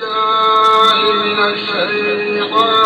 بالله من الشيطان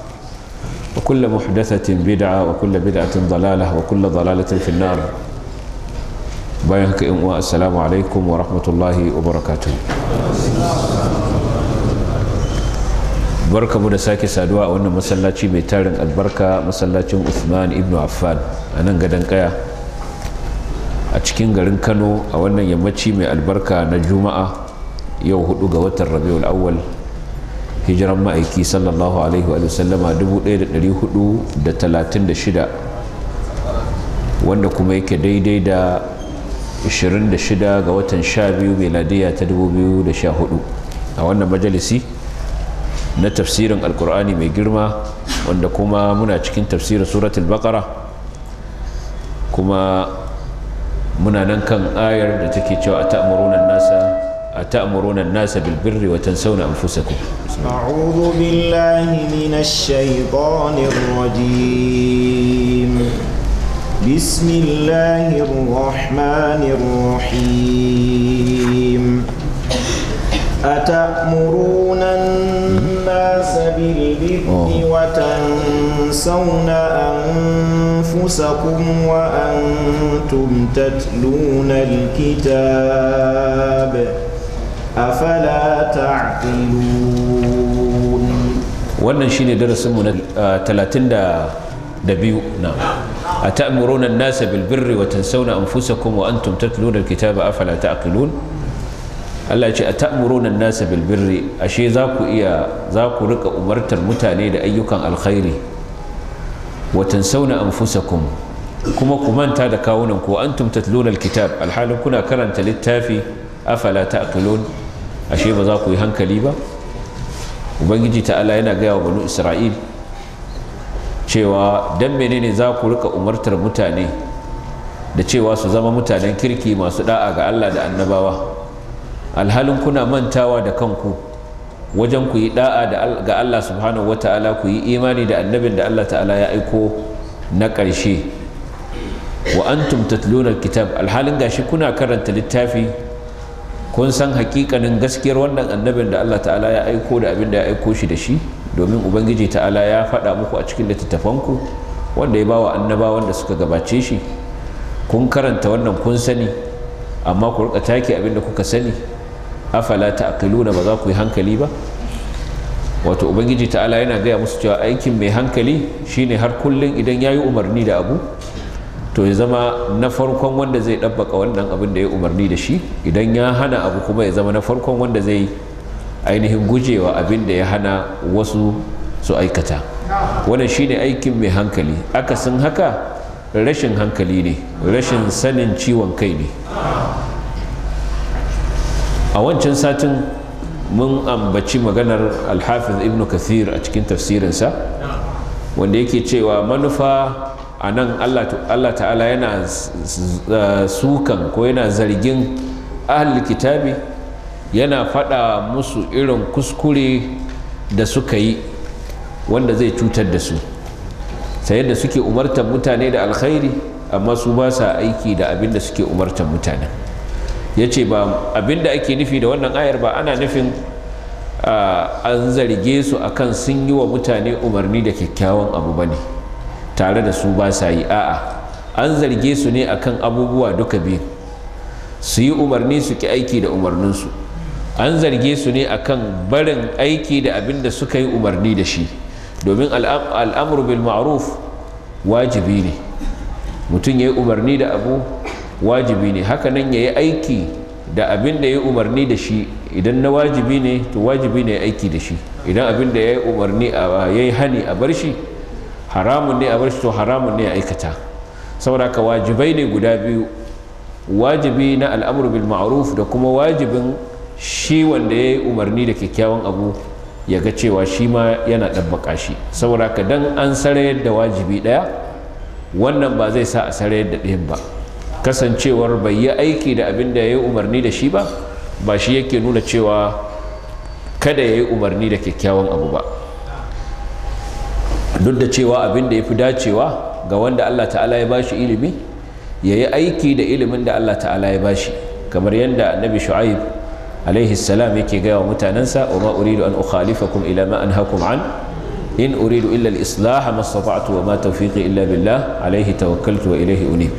وكل محدثة بدعة وكل بدعة ضلالة وكل ضلالة في النار بيهك السلام عليكم ورحمة الله وبركاته barkamu da sake saduwa a wannan masallaci mai tarin albarka masallacin Uthman ibn Affan a nan gadon kaya a cikin garin Kano a wannan yammaci mai albarka na Juma'a yau hudu ga watan Rabiul Awwal hijiran ma'aiki sallallahu alaihi wa sallama 1436 wanda kuma yake daidai da 26 ga watan 12 meladiya ta 2014 a wannan majalisi na tafsirin alkur'ani mai girma wanda kuma muna cikin tafsirin suratul baqara kuma muna nan kan ayar da take cewa a ta'amuruna nasa أتأمرون الناس بالبر وتنسون أنفسكم أعوذ بالله من الشيطان الرجيم بسم الله الرحمن الرحيم أتأمرون الناس بالبر وتنسون أنفسكم وأنتم تتلون الكتاب afala ta'qilun wannan shine darasin mu na 32 na atamuruna an-nasa bil birri wa tansawna anfusakum wa antum tatluna al-kitaba afala ta'qilun Allah ya ce atamuruna an-nasa bil birri ashe za ku iya za ku rika umartar mutane da ayyukan alkhairi wa tansawna anfusakum kuma ku manta da kawunan ku antum tatluna al-kitab alhalin kuna karanta littafi afala ta'qilun ashe ba za ku yi hankali ba ubangiji ta'ala yana gaya wa banu isra'il cewa dan menene za ku rika umartar mutane da cewa su zama mutanen kirki masu da'a ga Allah da annabawa alhalin kuna mantawa da kanku wajen ku yi da'a ga Allah subhanahu wata'ala ku yi imani da annabin da Allah ta'ala ya aiko na ƙarshe wa antum tatluna kitab alhalin gashi kuna karanta littafi kun san hakikanin gaskiyar wannan annabin da Allah ta'ala ya aiko da abin da ya aiko shi da shi domin ubangiji ta'ala ya faɗa muku a cikin littattafanku wanda ya bawa annaba wanda suka gabace shi kun karanta wannan kun sani amma ku rika take abin da kuka sani afala ta'qiluna ba za ku yi hankali ba wato ubangiji ta'ala yana gaya musu cewa aikin mai hankali shine har kullun idan yayi umarni da abu to ya zama na farkon wanda zai ɗabbaka wannan abin da ya umarni da shi idan ya hana abu kuma ya zama na farkon wanda zai ainihin gujewa abin da ya hana wasu su aikata wannan shine aikin mai hankali akasin haka rashin hankali ne rashin sanin ciwon kai ne a wancan satin mun ambaci maganar alhafiz ibn kathir a cikin tafsirinsa wanda yake cewa manufa a nan allah ta'ala yana sukan ko yana zargin ahal kitabi yana faɗa musu irin kuskure da suka yi wanda zai cutar da su sayar da suke umartar mutane da alkhairi amma su ba sa aiki da abin da suke umartar mutane ya ce ba abin da ake nufi da wannan ayar ba ana nufin an zarge su akan sun yi wa mutane umarni da kyakkyawan abu ba ne tare da su ba sa yi a'a an zarge su ne akan abubuwa duka biyu su yi umarni su ki aiki da umarninsu an zarge su ne akan barin aiki da abin da suka yi umarni da shi domin al'amru bil ma'ruf wajibi ne mutum ya yi umarni da abu wajibi ne nan ya yi aiki da abin da ya yi umarni da shi idan na wajibi ne to wajibi ne aiki da shi idan abin da ya yi umarni ya yi hani a bar shi haramun ne a bar to haramun ne a aikata saboda haka wajibai ne guda biyu wajibi na al'amur bil ma'ruf da kuma wajibin shi wanda ya yi umarni da kyakkyawan abu ya ga cewa shi ma yana ɗabbaka shi saboda haka dan an sare da wajibi ɗaya wannan ba zai sa a sare da ɗayan ba kasancewar bai yi aiki da abin da ya yi umarni da shi ba ba shi yake nuna cewa kada ya yi umarni da kyakkyawan abu ba duk da cewa abin da ya fi dacewa ga wanda Allah ta'ala ya bashi ilimi ya yi aiki da ilimin da Allah ta'ala ya bashi kamar yadda annabi shu'aib alaihi salam yake gaya wa mutanensa wa ma uridu an ukhalifakum ila ma anhakum an in uridu illa al-islah ma istata'tu wa ma tawfiqi illa billah alaihi tawakkaltu wa ilayhi unib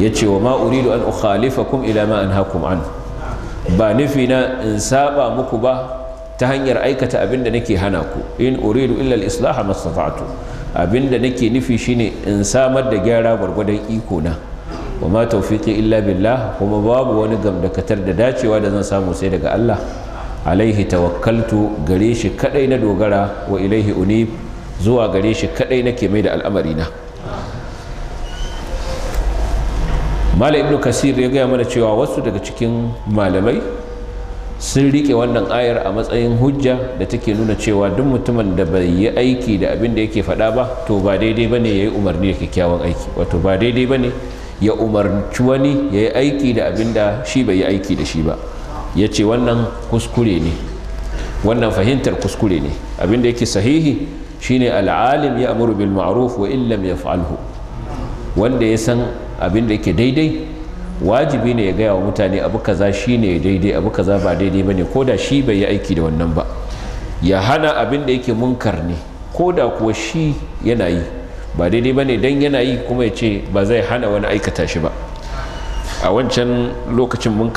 yace wa ma uridu an ukhalifakum ila ma anhakum an ba nufi na in saba muku ba ta hanyar aikata abin da nake hana ku in uridu illa al-islah mastata'tu abin da nake nufi shine in samar da gyara gwargwadon iko na wa ma tawfiqi illa billah kuma babu wani gamdakatar da dacewa da zan samu sai daga Allah alaihi tawakkaltu gare shi kadai na dogara wa ilaihi unib zuwa gare shi kadai nake mai da al'amari na Malam ibnu Kasir ya gaya mana cewa wasu daga cikin malamai sun riƙe wannan ayar a matsayin hujja da take nuna cewa duk mutumin da bai yi aiki da abin da yake faɗa ba to ba daidai ba ne ya yi umarni da kyakkyawan aiki wato ba daidai ba ne ya umarci wani ya yi aiki da abin da shi bai yi aiki da shi ba ya ce wannan kuskure ne wannan fahimtar kuskure ne abin da yake sahihi shine al'alim ya amuru bil ma'ruf wa illam yaf'alhu wanda ya san abin da yake daidai wajibi ne ya gaya wa mutane abu kaza shine daidai abu kaza ba daidai bane ko da shi bai yi aiki da wannan ba ya hana abin da yake munkar ne ko da kuwa shi yana yi ba daidai bane dan yana yi kuma ya ce ba zai hana wani aikata shi ba a wancan lokacin mun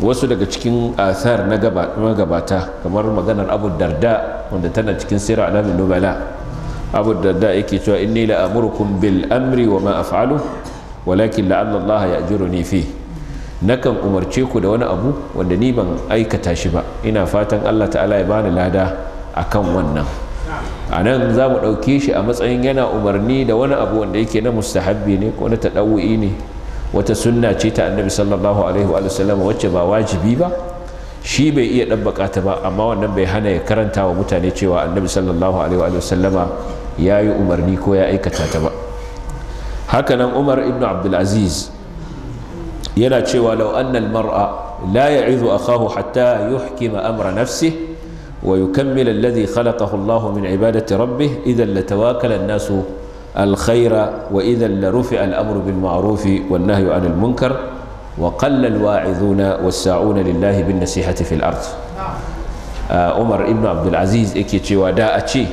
wasu daga cikin asar na gabata kamar maganar abu darda wanda tana cikin sirar alamin nubala abu darda yake cewa inni la laamurkun bil amri wa ma walakin la'alla ya ya ajuruni fi nakan umarce ku da wani abu wanda ni ban aikata shi ba ina fatan Allah ta'ala ya bani lada a kan wannan a nan za mu ɗauke shi a matsayin yana umarni da wani abu wanda yake na mustahabbi ne ko na taɗawu'i ne wata sunna ce ta annabi sallallahu alaihi wa sallam wacce ba wajibi ba shi bai iya ɗabbaka ta ba amma wannan bai hana ya karanta wa mutane cewa annabi sallallahu alaihi wa sallama ya yi umarni ko ya aikata ta ba هكذا عمر ابن عبد العزيز يلا تشوى لو أن المرأة لا يعذ أخاه حتى يحكم أمر نفسه ويكمل الذي خلقه الله من عبادة ربه إذا لتواكل الناس الخير وإذا لرفع الأمر بالمعروف والنهي عن المنكر وقل الواعظون والساعون لله بالنصيحة في الأرض عمر ابن عبد العزيز إكي تشوى داء تشي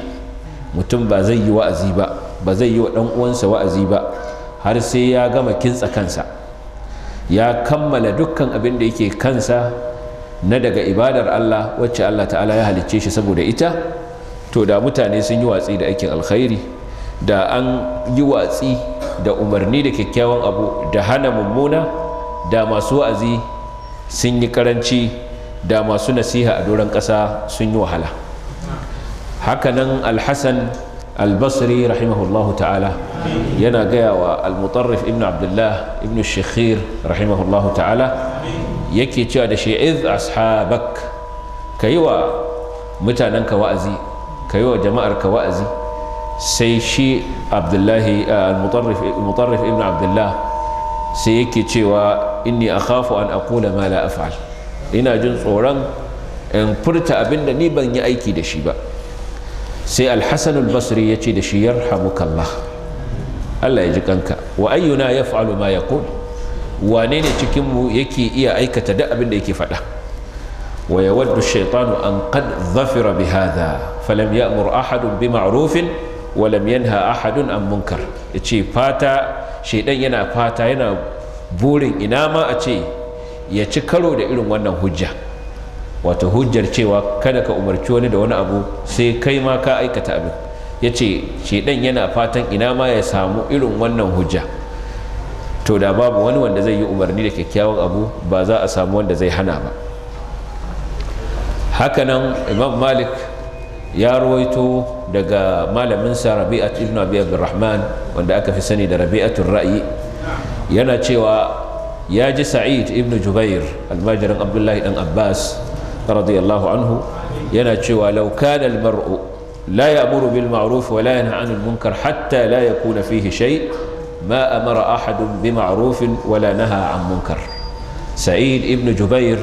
متم زي وأزيبا بزي وأنسى وأزيبا har sai ya gama kintsa kansa ya kammala dukkan abin da yake kansa na daga ibadar Allah wacce Allah ta'ala ya halicce shi saboda ita to da mutane sun yi watsi da aikin alkhairi da an yi watsi da umarni da kyakkyawan abu da hana mummuna da masu wa'azi sun yi karanci da masu nasiha a doron ƙasa sun yi wahala hakanan alhassan albasri rahimahullahu ta'ala yana gaya wa almutarrif ibn abdullah ibn shekhir rahimahullahu ta'ala yake cewa da shi iz ashabak ka yi wa mutanenka wa'azi ka yi wa jama'arka wa'azi sai shi abdullahi eh, almutarrif ibn abdullah sai yake cewa inni akhafu an aqula ma la ina jin tsoron in furta abinda ni ban yi aiki da shi ba sai alhassanul basri ya ce da shi yarhamukallah allah ya ji kanka wa ayyuna ya fa'alu ma ya wane ne cikinmu yake iya aikata da abin da yake faɗa wa ya waddu shaitanu an qad zafira bi hadha falam ya'mur ahadun bi ma'rufin wa lam yanha ahadun an munkar yace fata shaidan yana fata yana burin ina ma a ce ya ci karo da irin wannan hujja wato hujjar cewa kada ka umarci wani da wani abu sai kai ma ka aikata abin ya ce shedan yana fatan ina ma ya samu irin wannan hujja to da babu wani wanda zai yi umarni da kyakkyawan abu ba za a samu wanda zai hana ba hakanan imam malik ya rawaito daga malaminsa rabi'at ibn abi abdurrahman wanda aka fi sani da rabi'atul ra'yi yana cewa ya ji sa'id ibn jubair almajirin abdullahi dan abbas radiyallahu anhu yana cewa law kana maru la ya'muru bil ma'ruf wa la yanha 'anil munkar hatta la yakuna fihi shay ma amara ahadun bi ma'ruf wa la naha 'an munkar sa'id ibn jubair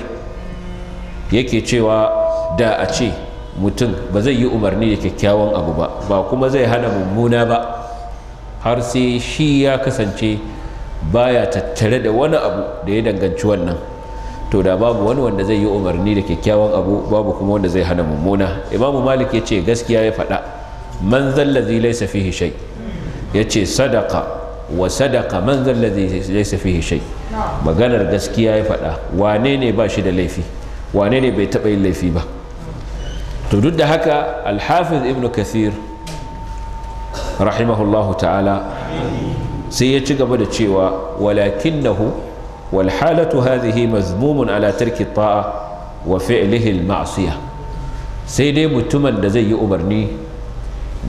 yake cewa da a ce mutum ba zai yi umarni da kyakkyawan abu ba ba kuma zai hana mummuna ba har sai shi ya kasance baya tattare da wani abu da ya danganci wannan to da babu wani wanda zai yi umarni da kyakkyawan abu babu kuma wanda zai hana mummuna imamu malik ya ce gaskiya ya faɗa man zallazi laysa fihi shay ya ce sadaka wa sadaka man zallazi laysa fihi shay maganar gaskiya ya faɗa wane ne ba shi da laifi wane ne bai taɓa yin laifi ba to duk da haka alhafiz ibnu kathir rahimahullahu ta'ala sai ya ci gaba da cewa walakinahu wal halatu hadhihi mazmumun ala tarki wa fi'lihi al ma'siyah sai dai mutumin da zai yi umarni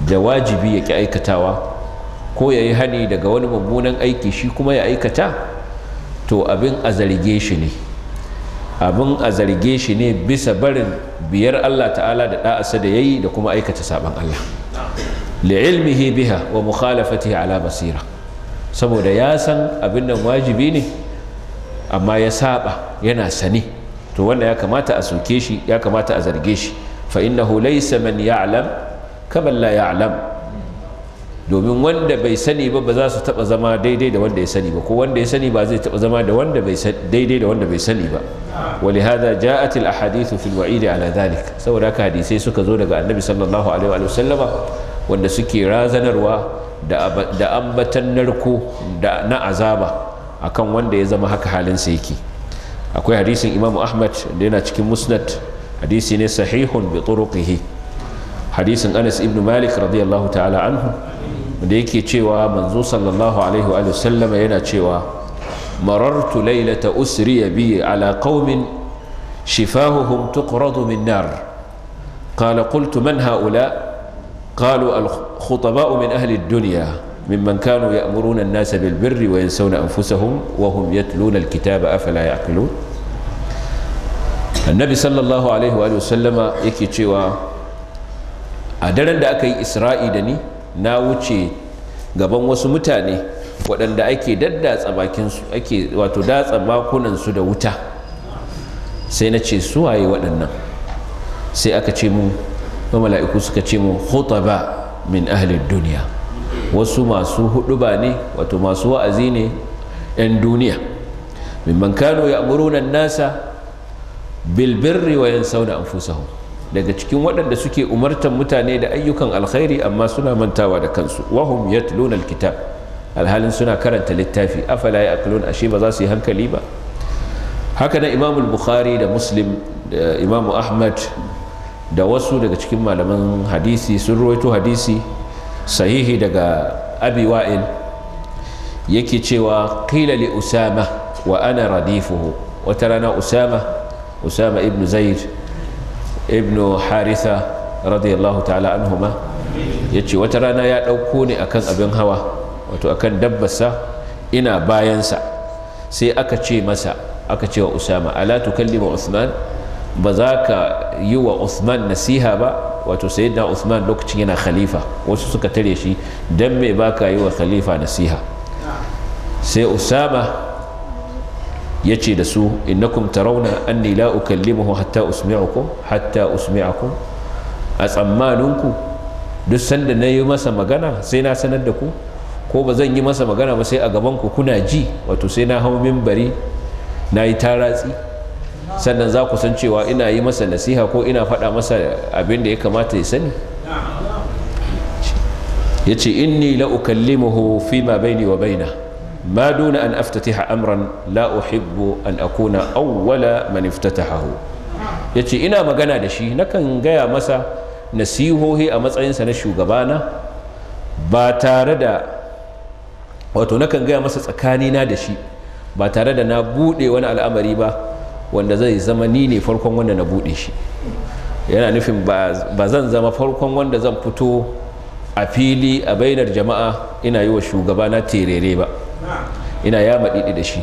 da wajibi ya ki aikatawa ko ya yi hani daga wani mummunan aiki shi kuma ya aikata to abin azarge shi ne abin a ne bisa barin biyar Allah ta'ala da da'asa da yayi da kuma aikata saban Allah li'ilmihi biha wa mukhalafatihi ala basira saboda ya san abin nan wajibi ne amma ya saba yana sane to wanda ya kamata a soke shi ya kamata a zarge shi fa innahu laysa man ya'lam kaman la ya'lam domin wanda bai sani ba ba za su taba zama daidai da wanda ya sani ba ko wanda ya sani ba zai taba zama da wanda bai daidai da wanda bai sani ba ولهذا جاءت الاحاديث في الوعيد على ذلك saboda haka hadisai suka zo daga annabi sallallahu alaihi wa sallama wanda suke razanarwa da ambatan narko da na azaba akan wanda ya zama haka halin sa yake akwai hadisin imamu ahmad da yana cikin musnad hadisi ne sahihun bi turuqihi hadisin anas ibn malik radiyallahu ta'ala anhu da yake cewa manzo sallallahu alaihi wa sallam yana cewa marartu laylata usri bi ala qaumin shifahuhum tuqradu min nar قال قلت من هؤلاء قالوا الخطباء من أهل الدنيا mimman kano ya an-nasa bil birri wa yansawna anfusahum wa hum kitaba afala ya'qilun annabi sallallahu alaihi wa sallama yake cewa a daren da aka yi isra'i da ni na wuce gaban wasu mutane waɗanda ake daddatsa bakinsu da wuta sai na ce su waye waɗannan sai aka ce mu mala'iku suka ce mu khutaba min ahlid duniya wasu masu huduba ne wato masu wa'azi ne 'yan duniya mimman kano ya amurunan nasa bilbirri wa yan sauna anfusahum daga cikin waɗanda suke umartan mutane da ayyukan alkhairi amma suna mantawa da kansu wahum yatluna alkitab alhalin suna karanta littafi afala aklon ashe ba za su yi hankali ba haka na imamul bukhari da muslim da imamu ahmad da wasu daga cikin malaman hadisi sun ruwaito hadisi sahihi daga abi wa'il yake cewa qila li usama wa ana radifuhu wata rana usama usama ibn zaid ibn haritha radiyallahu ta'ala anhuma yace wata rana ya dauko ni akan abin hawa wato akan dabbarsa ina bayansa sai aka ce masa aka ce wa usama ala tukallima usman ba za ka yi wa usman nasiha ba wato sayyidina Uthman lokacin yana khalifa wasu suka tare shi dan me baka yi wa khalifa nasiha sai Usama ya ce da su innakum tarawna anni la ukallimuhu hatta usmi'ukum hatta usmi'akum a tsammaninku duk sanda na yi masa magana sai na sanar da ku ko ba zan yi masa magana ba sai a gaban ku kuna ji wato sai na hau mimbari na yi taratsi sannan za ku san cewa ina yi masa nasiha ko ina faɗa masa abin da ya kamata ya sani ya ce inni la'ukallimuhu fi ma baini wa baina ma duna an aftatiha amran la uhibbu an akuna awwala man iftatahahu ya ce ina magana da shi nakan gaya masa nasihohi a matsayinsa na shugabana ba tare da wato nakan gaya masa tsakanina da shi ba tare da na buɗe wani al'amari ba wanda zai zama ni ne farkon wanda na buɗe shi yana nufin ba zan zama farkon wanda zan fito a fili a bainar jama'a ina yi wa shugaba na terere ba ina ya maɗiɗi da shi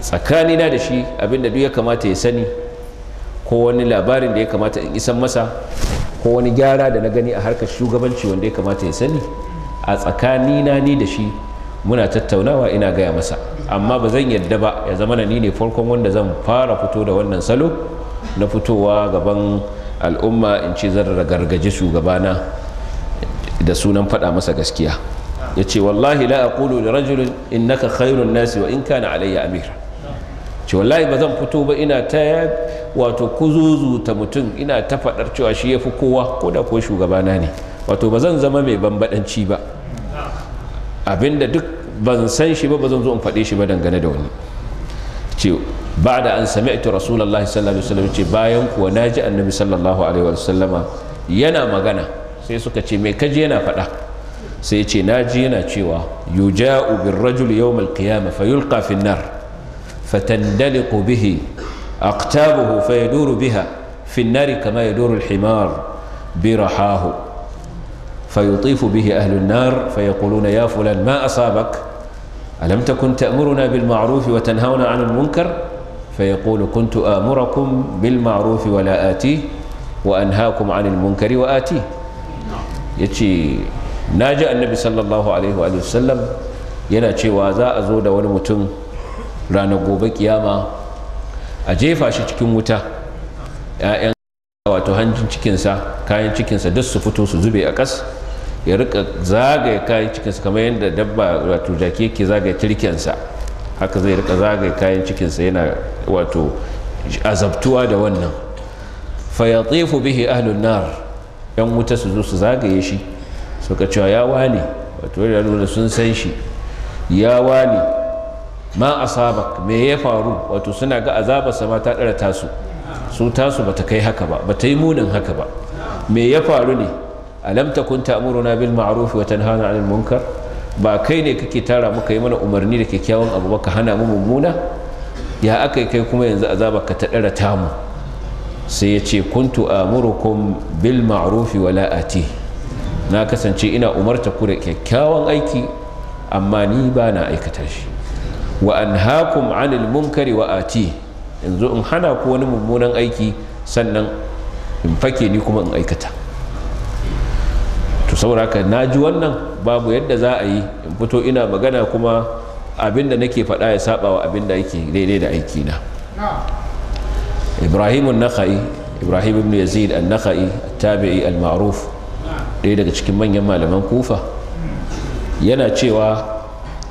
tsakanina da shi abinda duk ya kamata ya sani ko wani labarin da ya kamata in isan masa ko wani gyara da na gani a harkar shugabanci wanda ya kamata ya sani a tsakanina ni da shi muna tattaunawa ina gaya masa amma ba zan yadda ba ya zama ni ne farkon wanda zan fara fito da wannan salo na fitowa gaban al'umma in ce zan gargaji shugabana da sunan faɗa masa gaskiya ya ce wallahi la aqulu li rajulin innaka khairun nasi wa in kana alayya amir ce wallahi ba zan fito ba ina ta wato ta mutum ina ta faɗar cewa shi ya fi kowa ko da ko shugabana ne wato ba zan zama mai bambaɗanci ba abinda duk ban san shi ba ba zan zo in faɗe shi ba dangane da wani ce ba da an sami'tu rasulullahi sallallahu alaihi wasallam ce bayan kuwa naji annabi sallallahu alaihi wasallama yana magana sai suka ce me kaji yana faɗa sai ce naji yana cewa yuja'u bir rajul yawm al qiyamah fa yulqa fi an-nar fatandaliqu bihi aqtabuhu fayaduru biha fi an-nar kama yaduru al-himar birahahu فيطيف به أهل النار فيقولون يا فلان ما أصابك ألم تكن تأمرنا بالمعروف وتنهون عن المنكر فيقول كنت آمركم بالمعروف ولا آتيه وأنهاكم عن المنكر وآتيه يتي ناجى النبي صلى الله عليه وآله وسلم yana cewa za a zo da wani mutum ranar gobe kiyama a jefa shi cikin wuta 'ya'yan wato hanjin cikinsa kayan cikinsa duk su fito su zube a ƙas ya rika zagaye kayan cikinsa kamar yadda dabba wato jaki yake zagaya tirkensa haka zai rika zagaya kayan cikinsa yana wato azabtuwa da wannan fayatifu bihi ahlun nar yan wuta su zo su zagaye shi suka cewa ya wani wato wani nuna sun san shi ya wani ma asabak me ya faru wato suna ga azabarsa ma ta ɗara tasu su tasu ba ta kai haka ba ba ta yi munin haka ba me ya faru ne alam takun ta'muruna bil ma'ruf wa tanhana 'anil munkar ba kai ne kake tara muka yi mana umarni da kyakkyawan abu ba ka hana mu mummuna ya akai kai kuma yanzu azaba ka ta mu sai ya ce kuntu amurukum bil ma'ruf wa la ati na kasance ina umarta ku da kyakkyawan aiki amma ni ba na aikata shi wa anhaakum 'anil munkari wa ati yanzu in hana ku wani mummunan aiki sannan in fake ni kuma in aikata to saboda haka na ji wannan babu yadda za a yi in fito ina magana kuma abin da nake faɗa ya saba wa abin da yake daidai da aiki na ibrahim an-nakhai ibrahim ibn yazid an-nakhai tabi'i al-ma'ruf ɗaya daga cikin manyan malaman kufa yana cewa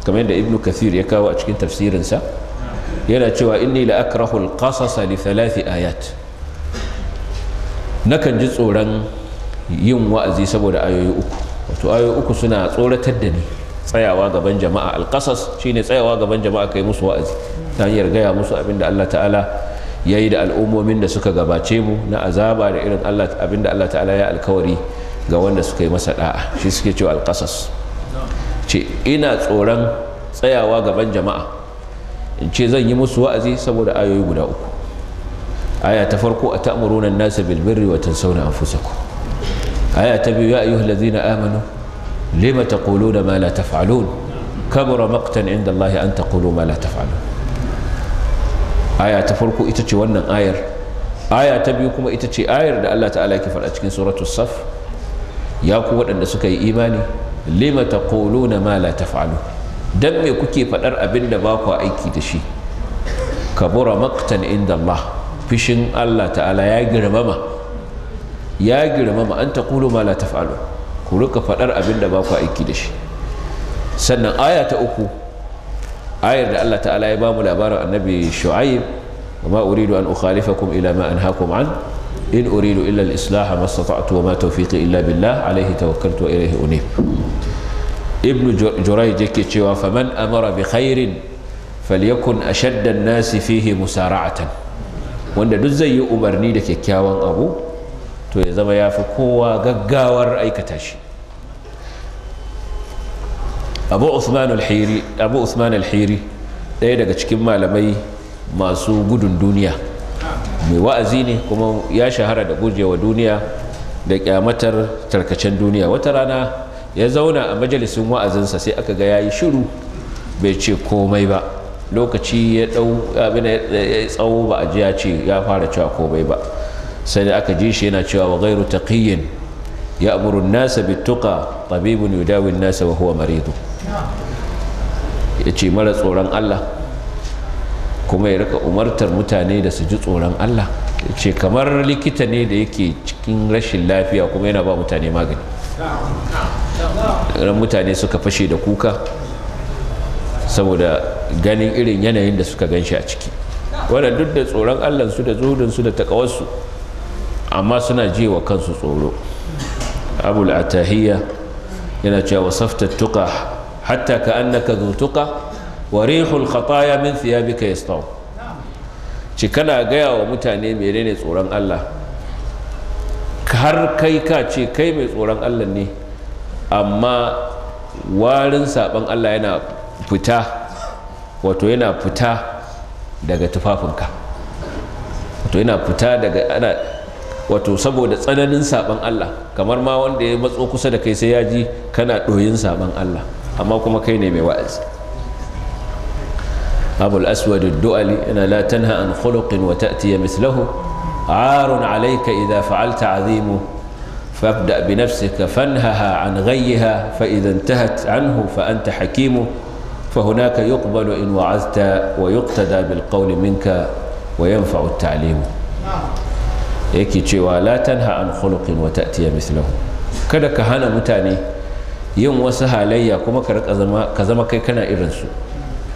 kamar da ibn kathir ya kawo a cikin tafsirinsa yana cewa inni la akrahu al-qasasa li thalathi ayat nakan ji tsoron yin wa'azi saboda ayoyi uku wato ayoyi uku suna tsoratar da ni tsayawa gaban jama'a alƙasas shine tsayawa gaban jama'a kai musu wa'azi ta hanyar gaya musu abinda da Allah ta'ala ya yi da al'ummomin da suka gabace mu na azaba da irin abin abinda Allah ta'ala ya alkawari ga wanda suka yi masa da'a shi suke cewa alƙasas ce ina tsoron tsayawa gaban jama'a in ce zan yi musu wa'azi saboda ayoyi guda uku aya ta farko a ta'muruna nasa bil birri wa an anfusakum aya ta biyu ya ayyuhal ladzina amanu lima taquluna ma la taf'alun kabura maqtan inda Allah an taqulu ma la taf'alun aya ta farko ita ce wannan ayar aya ta biyu kuma ita ce ayar da Allah ta'ala ke faɗa cikin suratu saf ya ku waɗanda suka yi imani lima da ma la taf'alun dan me kuke faɗar abinda baku aiki dashi. kabura inda fishin Allah ta'ala ya girmama ya girmama an taqulu ma la taf'alu ku rika fadar abin da ba ku aiki da shi sannan aya ta uku ayar da Allah ta'ala ya ba mu labarin annabi shu'aib wa ma uridu an ukhalifakum ila ma anhaakum an in uridu illa al-islaha ma istata'tu wa ma tawfiqi illa billah alayhi tawakkaltu wa ilayhi unib ibnu jurayj yake cewa faman amara bi khairin falyakun ashadda an-nasi fihi musara'atan wanda duk zai yi umarni da kyakkyawan abu to ya zama ya fi kowa gaggawar aikata shi abu usman alhiri abu usman ɗaya daga cikin malamai masu gudun duniya mai wa'azi ne kuma ya shahara da gujewa duniya da kyamatar tarkacen duniya wata rana ya zauna a majalisin wa'azinsa sai aka ga ya yi shiru bai ce komai ba lokaci ya tsawo ba a ji ya ce ya fara cewa komai ba sai aka ji shi yana cewa wa ghairu taqiyyin ya'muru an-nasa bit-tuqa tabibun yudawi nasa wa huwa maridu yace mara tsoron Allah kuma ya rika umartar mutane da su ji tsoron Allah yace kamar likita ne da yake cikin rashin lafiya kuma yana ba mutane magani ran mutane suka fashe da kuka saboda ganin irin yanayin da suka gan shi a ciki wannan duk da tsoron allansu da zuhudinsu da takawarsu amma suna ji wa kansu tsoro abul atahiya yana cewa wasafta tuka hatta ka annaka zutuka wa rihul khataya min thiyabika yastaw ci kana gaya wa mutane menene tsoron Allah har kai ka ce kai mai tsoron Allah ne amma warin saban Allah yana fita wato yana fita daga tufafinka wato yana fita daga wato saboda tsananin saban Allah kamar ma wanda ya matso kusa da kai sai ya ji kana ɗoyin saban Allah amma kuma kai ne mai wa'azi abul aswad du'ali ina la tanha an khuluqin wa ta'tiya mislahu عار عليك إذا فعلت عظيم فابدأ بنفسك فانهها عن غيها فإذا انتهت عنه فأنت حكيم فهناك يقبل إن وعظت ويقتدى بالقول منك وينفع التعليم yake cewa la ha'an an wata tiya ta'tiya kada ka hana mutane yin wasu halayya kuma ka zama kai kana irin su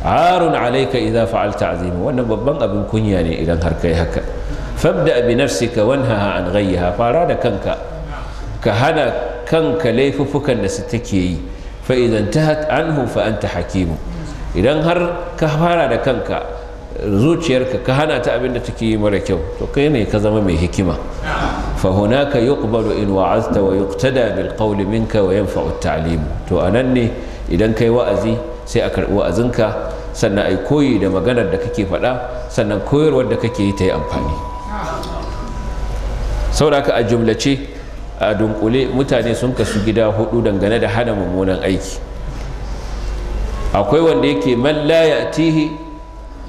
arun alaika idza fa'alta azimi wannan babban abin kunya ne idan har kai haka fabda bi nafsika wanhaha an ghayha fara da kanka ka hana kanka laifuffukan da su take yi fa idan tahat anhu fa anta hakimu idan har ka fara da kanka zuciyarka ka hana ta abin da take yi mara kyau to kai ne ka zama mai hikima fa hunaka yuqbalu in wa'azta wa yuqtada bil qawli minka wa yanfa'u at-ta'lim to anan ne idan kai wa'azi sai a karbi wa'azinka sannan ai koyi da maganar da kake faɗa sannan koyarwar da kake yi ta yi amfani sauraka a jumlace a dunkule mutane sun kasu gida hudu dangane da hana mummunan aiki akwai wanda yake man la ya'tihi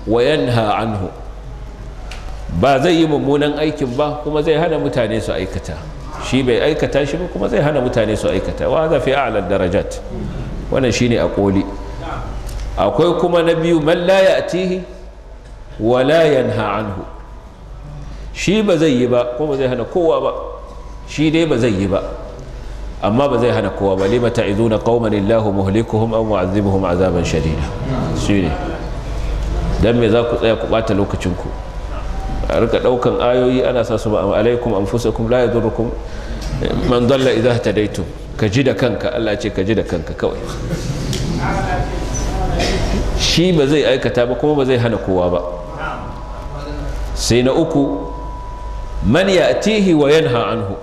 wa yanha anhu ba zai yi mummunan aikin ba kuma zai hana mutane su aikata shi bai aikata shi ba kuma zai hana mutane su aikata wa zafi fi a'lan darajat wannan shine a koli akwai kuma na biyu man la ya'tihi wa la yanha anhu shi ba zai yi ba kuma zai hana kowa ba shi dai ba zai yi ba amma ba zai hana kowa ba lima ta'izuna qauman illahu muhlikuhum aw mu'azzibuhum azaban shadida shine dan me za ku tsaya ku bata lokacin ku a rika daukan ayoyi ana sa su ba alaikum kuma la yadurrukum man dalla idza tadaitum ka ji da kanka Allah ce ka ji da kanka kawai shi ba zai aikata ba kuma ba zai hana kowa ba sai na uku man ya'tihi wa yanha anhu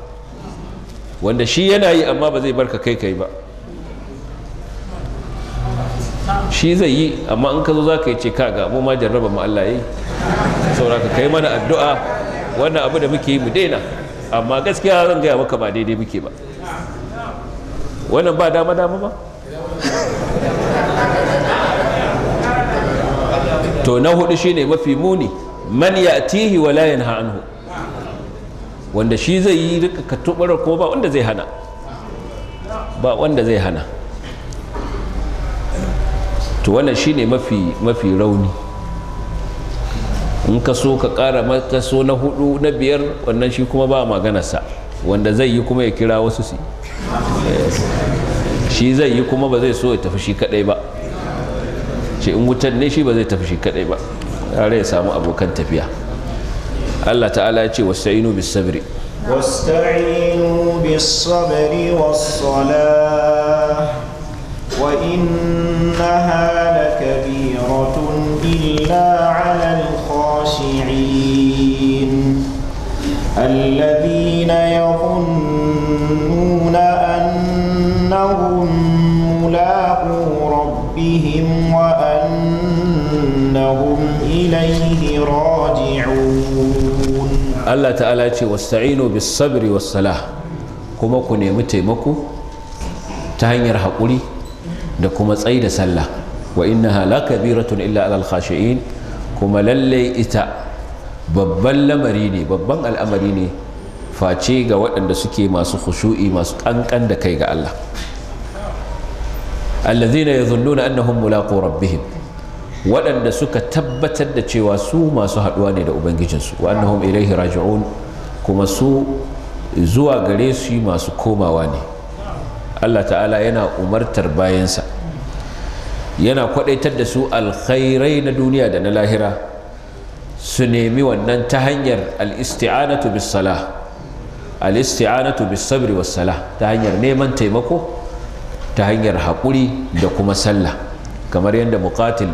wanda shi yana yi amma ba zai barka kai kai ba shi zai yi amma in ka zo za ka yi ce kaga mu ma jarraba mu Allah yi saboda ka kai mana addu'a wannan abu da muke yi mu daina amma gaskiya zan gaya maka ba daidai muke ba wannan ba dama dama ba to na hudu shine mafi muni man ya'tihi wa la yanha anhu wanda shi zai yi rika katubar ko ba wanda zai hana ba wanda zai hana to wannan shine mafi mafi rauni in ka so ka ƙara maka so na hudu na biyar wannan shi kuma ba maganarsa wanda zai yi kuma ya kira wasu su shi zai yi kuma ba zai so ya tafi shi kadai ba ce in wutar ne shi ba zai tafi shi kadai ba tare ya samu abokan tafiya Allah ta'ala ya ce wasu wasta'inu bis sabri inu bis sabiri was salah وإنها لكبيرة إلا على الخاشعين الذين يظنون أنهم ملاقو ربهم وأنهم إليه راجعون الله تعالى واستعينوا بالصبر والصلاة كما كنتم nemi taimako ta da kuma da sallah wa innaha la kabiratun illa alal khashi'in kuma lallai ita babban lamari ne babban al'amari ne face ga waɗanda suke masu khushu'i masu ƙanƙan da kai ga Allah allazina yadhunnuna annahum mulaqu rabbihim waɗanda suka tabbatar da cewa su masu haɗuwa ne da ubangijinsu wa annahum ilaihi raji'un kuma su zuwa gare su masu komawa ne Allah ta'ala yana umartar bayansa yana kwadaitar da su alkhairai na duniya da na lahira su nemi wannan ta hanyar al-isti'anatu bis salah al-isti'anatu bis sabri was salah ta hanyar neman taimako ta hanyar haƙuri da kuma sallah kamar yadda muqatil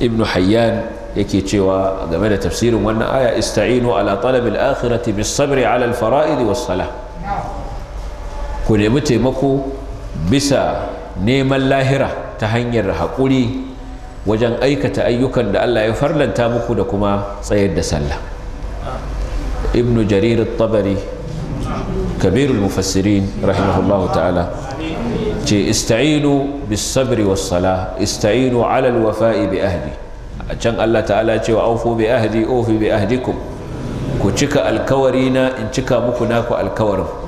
ibnu hayyan yake cewa game da tafsirin wannan aya ista'inu ala talabil akhirati bis sabri ala al fara'id was salah ku nemi taimako bisa neman lahira ta hanyar haƙuri wajen aikata ayyukan da Allah ya farlanta muku da kuma tsayar da sallah ibnu jarir tabari kabirul mufassirin rahimahullahu ta'ala ce ista'inu bis sabri was sala ista'inu ala al wafa'i bi ahli a can Allah ta'ala ce wa aufu bi ahdi ufi bi ahdikum ku cika alkawari na in cika muku naku alkawarin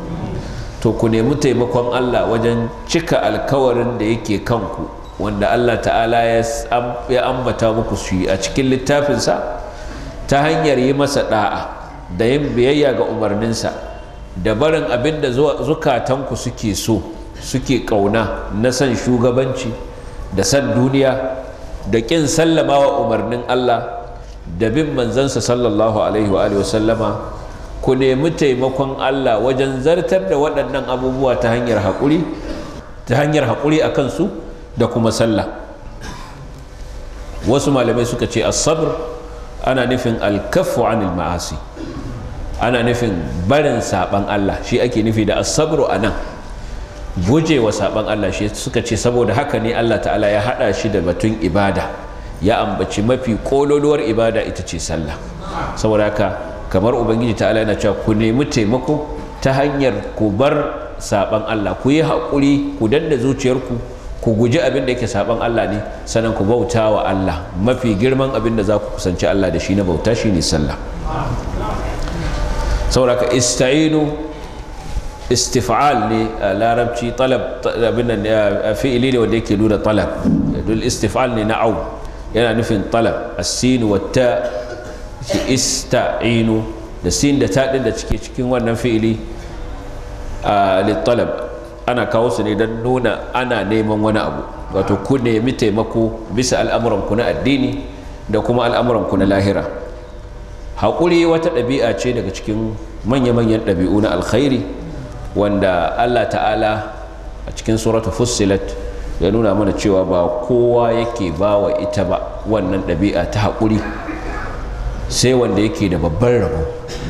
to ku nemi taimakon Allah wajen cika alkawarin da yake kanku wanda Allah ta'ala ya ambata muku su yi a cikin littafinsa ta hanyar yi masa da'a da yin biyayya ga umarninsa da barin abin da zukatanku suke so suke kauna na son shugabanci da son duniya da kin sallama wa umarnin Allah da bin manzansa sallallahu alaihi wa sallama ku nemi taimakon Allah wajen zartar da waɗannan abubuwa ta hanyar haƙuri ta hanyar haƙuri a kansu da kuma sallah wasu malamai suka ce as-sabr ana nufin alkafu anil ma'asi ana nufin barin saɓan Allah shi ake nufi da as a nan. guje wa saɓan Allah shi suka ce saboda haka ne Allah ta'ala ya haɗa shi da batun ibada ya ambaci mafi kololuwar ibada ita ce sallah saboda haka kamar ubangiji ta'ala yana cewa ku nemi taimako ta hanyar ku bar saban Allah ku yi haƙuri ku danda zuciyarku ku guji abin da yake saban Allah ne sannan ku bauta wa Allah mafi girman abin da za ku kusanci Allah da shi na bauta shi ne sallah sauraka ista'inu istif'al ne a larabci talab abin nan fi'ili ne wanda yake nuna talab dul istif'al ne na au yana nufin talab as-sin wa ta ista'inu da sin da ta din da cike cikin wannan fi'ili a littalab ana kawo su ne don nuna ana neman wani abu wato ku nemi taimako bisa al'amuranku na addini da kuma al'amuranku na lahira haƙuri wata ɗabi'a ce daga cikin manya-manyan ɗabi'u na alkhairi wanda allah ta'ala a cikin suratu fussilat ya nuna mana cewa ba kowa yake ba wa ita ba wannan ɗabi'a ta haƙuri sai wanda yake da babban rabo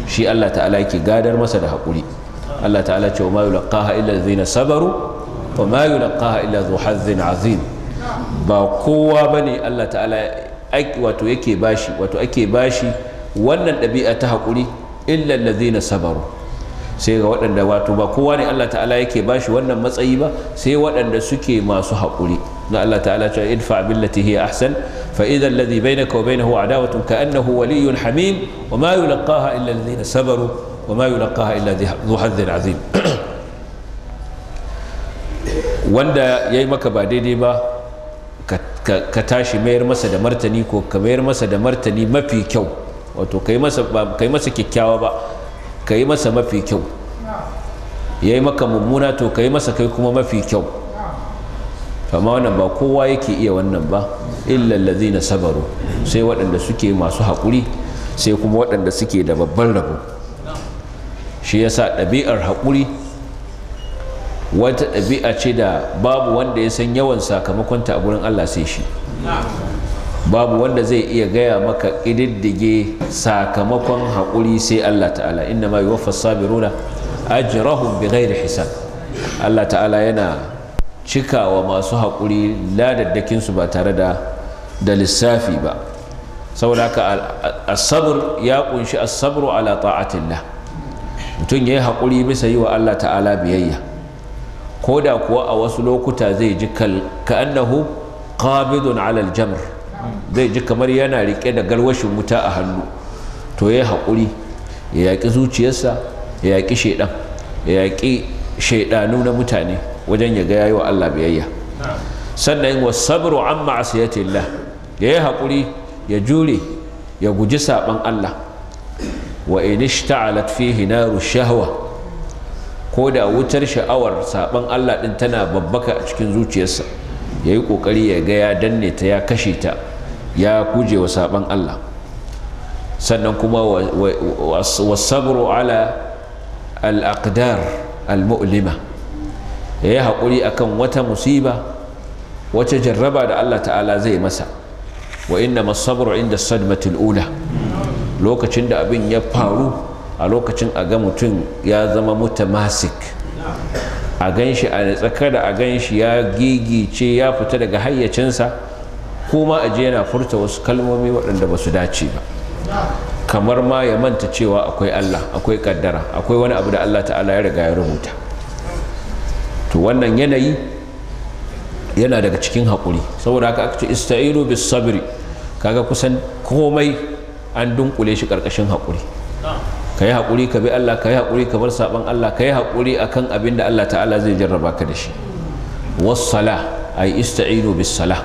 shi Allah ta'ala yake gadar masa da haƙuri Allah ta'ala ce wa mayu yulqaha illa allazina sabaru wa mayu yulqaha illa dhu hazzin azim ba kowa bane Allah ta'ala wato yake bashi wato ake bashi wannan ɗabi'a ta haƙuri illa allazina sabaru sai ga waɗanda wato ba kowa ne Allah ta'ala yake bashi wannan matsayi ba sai waɗanda suke masu haƙuri na Allah ta'ala cewa idfa billati hiya ahsan fa idha alladhi bainaka wa bainahu adawatun ka'annahu waliyyun hamim wa ma yulqaha illa alladhina sabaru wa ma yulqaha illa dhu wanda yayi maka ba daidai ba ka tashi mayar masa da martani ko ka mayar masa da martani mafi kyau wato kai masa masa kyakkyawa ba kai masa mafi kyau yayi maka mummuna to yi masa kai kuma mafi kyau amma wannan ba kowa yake iya wannan ba illallazi na sabaru sai waɗanda suke masu haƙuri sai kuma waɗanda suke da babban rabo shi yasa ɗabi'ar haƙuri wata ɗabi'a ce da babu wanda ya san yawan sakamakonta a gurin allah sai shi babu wanda zai iya gaya maka ƙididdige sakamakon haƙuri sai allah ta'ala inna ma yuwaffas sabiruna ajrahum bighairi hisab allah ta'ala yana cikawa masu haƙuri ladaddakinsu ba tare da lissafi ba saboda haka asabur ya kunshi asabru ala ta'atillah mutum ya yi haƙuri bisa yi wa Allah ta'ala biyayya ko da kuwa a wasu lokuta zai ji ka'annahu qabidun ala aljamr zai ji kamar yana riƙe da garwashin wuta a hannu to ya yi haƙuri ya yaƙi zuciyarsa ya yaƙi shaidan ya yaƙi shaidanu na mutane wajen ya ga yayi wa Allah biyayya sannan wa sabru an ma'asiyatillah ya yi haƙuri ya jure ya guji saɓan Allah wa in ishta'alat fihi naru shahwa ko da wutar sha'awar saɓan Allah ɗin tana babbaka a cikin zuciyarsa ya yi ƙoƙari ya ga ya danne ta ya kashe ta ya guje wa saɓan Allah sannan kuma wa sabru ala al-aqdar al-mu'lima ya yi haƙuri akan wata musiba wace jarraba da Allah ta'ala zai masa wa inna masabru inda sadmatul ula lokacin da abin ya faru a lokacin a ga mutum ya zama masik a gan shi a tsaka da a gan shi ya gigice ya fita daga hayyacinsa kuma a je yana furta wasu kalmomi waɗanda ba su dace ba kamar ma ya manta cewa akwai Allah akwai kaddara akwai wani abu da Allah ta'ala ya riga ya rubuta to wannan yanayi yana daga cikin haƙuri saboda haka aka ce istairu bis sabri kaga kusan komai an dunkule shi karkashin haƙuri ka yi haƙuri ka bi Allah ka yi haƙuri ka bar saɓan Allah ka yi haƙuri akan abin da Allah ta'ala zai jarraba ka da shi wassala ai ista'iru bis sala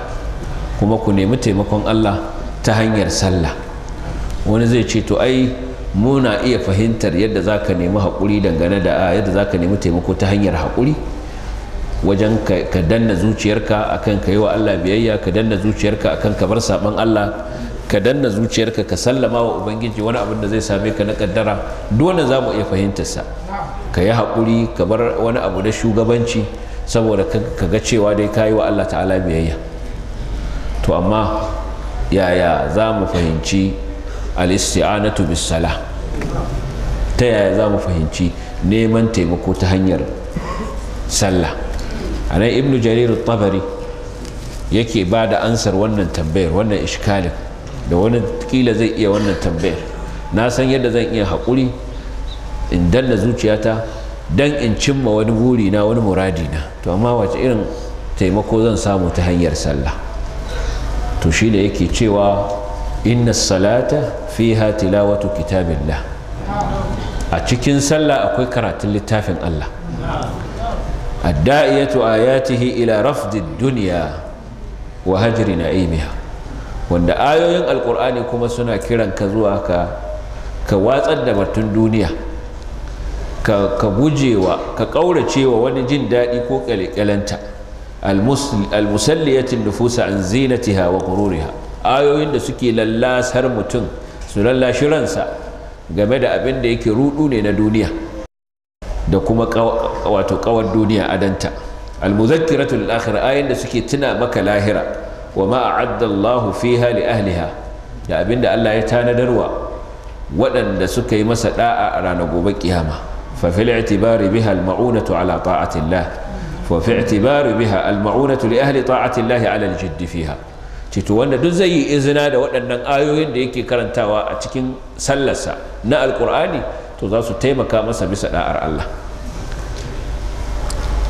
kuma ku nemi taimakon Allah ta hanyar sallah wani zai ce to ai muna iya fahimtar yadda zaka nemi haƙuri dangane da yadda zaka nemi taimako ta hanyar haƙuri wajen ka danna zuciyarka akan ka yi wa Allah biyayya ka danna zuciyarka akan ka bar saban Allah ka danna zuciyarka ka sallama wa ubangiji wani abin da zai same ka na kaddara dole za mu iya sa ka yi haƙuri ka bar wani abu da shugabanci saboda ka ga cewa dai ka yi wa allah ta'ala biyayya to amma yaya za mu fahimci al-isti'anatu bis sala ta yaya za mu fahimci neman taimako ta hanyar sallah anan ibnu jarir tabari yake ba da ansar wannan tambayar wannan ishkalin da wani kila zai iya wannan tambayar na san yadda zan iya haƙuri in danna zuciyata don in cimma wani buri na wani muradi na to amma wace irin taimako zan samu ta hanyar sallah to shi da yake cewa inna salata fiha tilawatu kitabillah a cikin sallah akwai karatun littafin Allah ya ayatihi ila rafdid dunya wa hajri wanda ayoyin alkur'ani kuma suna kiran ka zuwa ka watsar da batun duniya ka gujewa ka kauracewa wani jin daɗi ko kyalkyalanta almusalliyatin nufusa an zinatiha wa gururiha ayoyin da suke lallasar mutum su lallashi ransa game da abin da yake rudu ne na duniya da kuma wato kawar duniya adanta almuzakkiratu lil akhirah ayin da suke tuna maka lahira wa ma a'adda Allahu fiha li ahliha da abinda Allah ya tanadarwa waɗanda suka yi masa da'a a ranar gobe kiyama fa fil i'tibari biha al ma'unatu ala ta'ati Allah fa fi i'tibari biha al ma'unatu li ahli ta'ati Allah ala al jidd fiha cito wanda duk zai yi izina da waɗannan ayoyin da yake karantawa a cikin sallarsa na alqur'ani to za su taimaka masa bisa da'ar Allah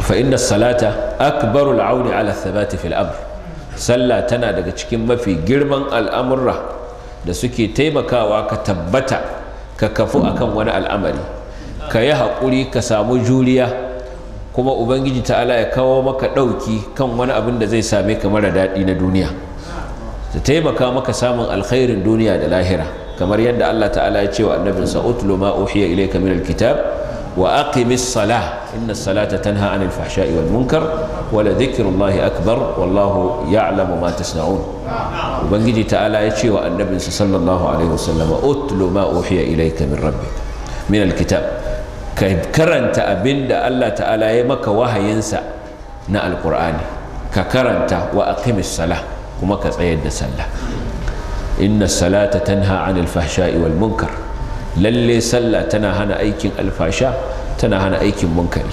fa salata akbarul la'auni ala thabati fil amr sallah tana daga cikin mafi girman al'amurra da suke taimakawa ka tabbata ka kafu akan wani al'amari ka yi haƙuri ka samu juriya kuma ubangiji ta'ala ya kawo maka ɗauki kan wani abin da zai same ka mara daɗi na duniya ta taimaka maka samun alkhairin duniya da lahira kamar yadda Allah ta'ala ya ce wa annabin sa utlu ma uhiya ilayka min alkitab wa aqimis salah inna salata tanha anil fahsha'i wal munkar wa la dhikrullahi akbar wallahu ya'lamu ma tasna'un ubangiji ta'ala ya ce wa annabin sa sallallahu alaihi wasallam utlu ma uhiya ilayka min rabbik min alkitab ka karanta abinda Allah ta'ala ya maka wahayinsa na alqur'ani ka karanta wa aqimis salah kuma ka tsayar da sallah inna salata tanha anil fahsha'i wal munkar lalle sallah tana hana aikin alfasha tana hana aikin munkari